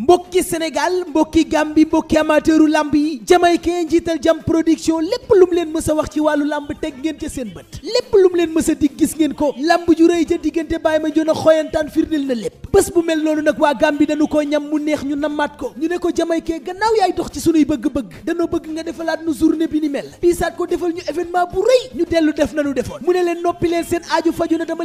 mbokki Sénégal mbokki Gambie mbokki amateuru lamb yi jamaykee njiital jam production lépp lum leen mës a wax ci wàllu lamb teg ngeen ca seen bët lépp lum leen mës a dig gis ngeen ko lamb ju rëy ca diggante bàyyi ma joon a xooyantaan firndil lépp bés bu mel noonu nag waa Gambie dañu koo ñam mu neex ñu namaat ko ñu ne ko jamaykee gannaaw yaay dox ci sunuy bëgg-bëgg danoo bëgg nga defalaat nu journée bi ni mel piisaat ko defal ñu événement bu rëy ñu dellu def nanu defoon mu ne leen noppi leen seen aaju faju na dama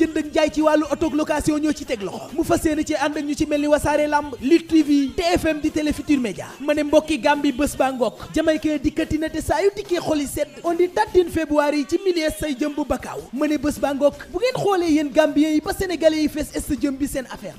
jënd ak jaay ci wàllu auto location ñoo ci teg loxo mu fas yéene ci ànd ñu ci mel ni wasaare lamb Lutte TV TFM di Télé Futurs ma ne mbokki Gambie bés ba ngokk jamaykee dikkati na te saa yu dikkee xoli sedd on dit dattin février yi ci milies say jëm bu bakkaaw ma ne bés ba ngokk bu ngeen xoolee yéen Gambiens yi ba Sénégalais yi fees est jëm bi seen affaire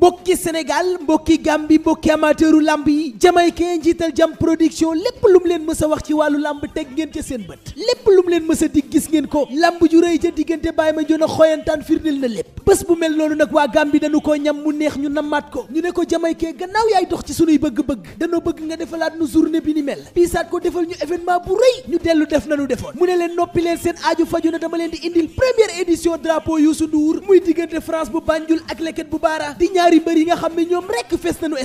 mbokki Sénégal mbokki Gambie mbokki amateuru lamb yi jamaykee njiital jam production lépp lu mu leen mës a wax ci wàllu lamb teg ngeen ca seen bët lépp lu mu leen mës a gis ngeen ko lamb ju rëy ca diggante Baye Mandione xoyantaan firndil na lépp bés bu mel noonu nag waa Gambie dañu ko ñam mu neex ñu namaat ko ñu ne ko jamaykee gannaaw yaay dox ci sunuy bëgg-bëgg danoo bëgg nga defalaat nu journée bi ni mel piisaat ko defal ñu événement bu rëy ñu dellu def nanu defoon mu ne leen noppi leen seen aaju faju na dama leen di indil première édition drapeau ñaari mbër yi nga xam ne ñoom rekk fees nañu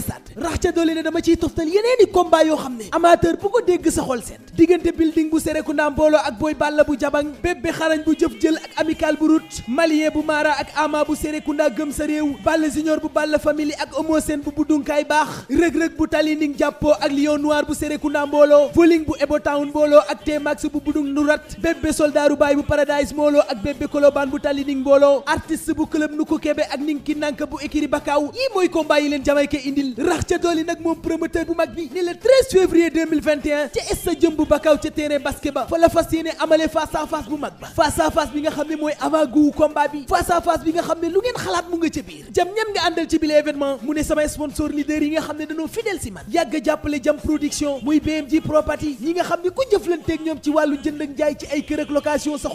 ca doole ne dama ciy toftal yeneeni combat yoo xam ne amateur bu ko dégg sa xol seet diggante building bu Serekunda mbooloo ak Boy Balla bu jabang bébbe xarañ bu jëf jël ak amical bu rut malien bu maara ak ama bu Serekunda gëm sa réew Balla junior bu Balla family ak Omo Sen bu buddunkaay baax rëg-rëg bu tali ning jàppoo ak lion noir bu Serekunda mbooloo voling bu ebotown mbooloo ak T-Max bu budung nurat bébbe soldaaru baay bu paradise mbooloo ak bébbe kolobaan bu tali ning mbooloo artiste ko kebe ak ning ki nank bu ékiri bakaaw yi mooy combat yi leen jamay fàttali nag moom promoteur bu mag bi ni le 13 février 2021 ca stade Jëmbu Bakaaw ca terrain basket fa la fas amale face bu mag ba face bi nga xam ne mooy avant goût combat bi face à face bi nga xam ne lu ngeen xalaat mu nga ca biir jam ñan nga àndal ci bile événement mu ne samay sponsor leader yi nga xam ne dañoo fidèle si man yàgg a jàppale jam production muy BMG property ñi nga xam ne ku jëflanteeg ñoom ci wàllu jënd njaay ci ay kër ak location sa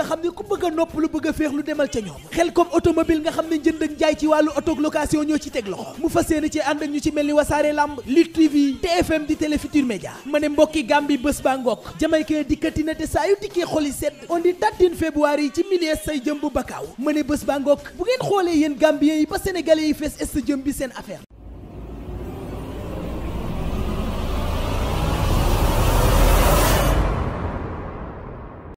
a nopp a féex lu demal ca ñoom xel comme automobile nga fas yéene ci ànd ak ñu ci mel ni wasaare lamb Lutte TV TFM di Télé Futurs Médias ma ne mbokki Gambie bés ba ngokk jamaykee dikkati na te saa yu dikkee xoli sedd on di tattin février yi ci milieu say jëm bu bakkaaw ma ne bés ba ngokk bu ngeen xoolee yéen Gambien yi ba Sénégalais yi fees est jëm bi seen affaire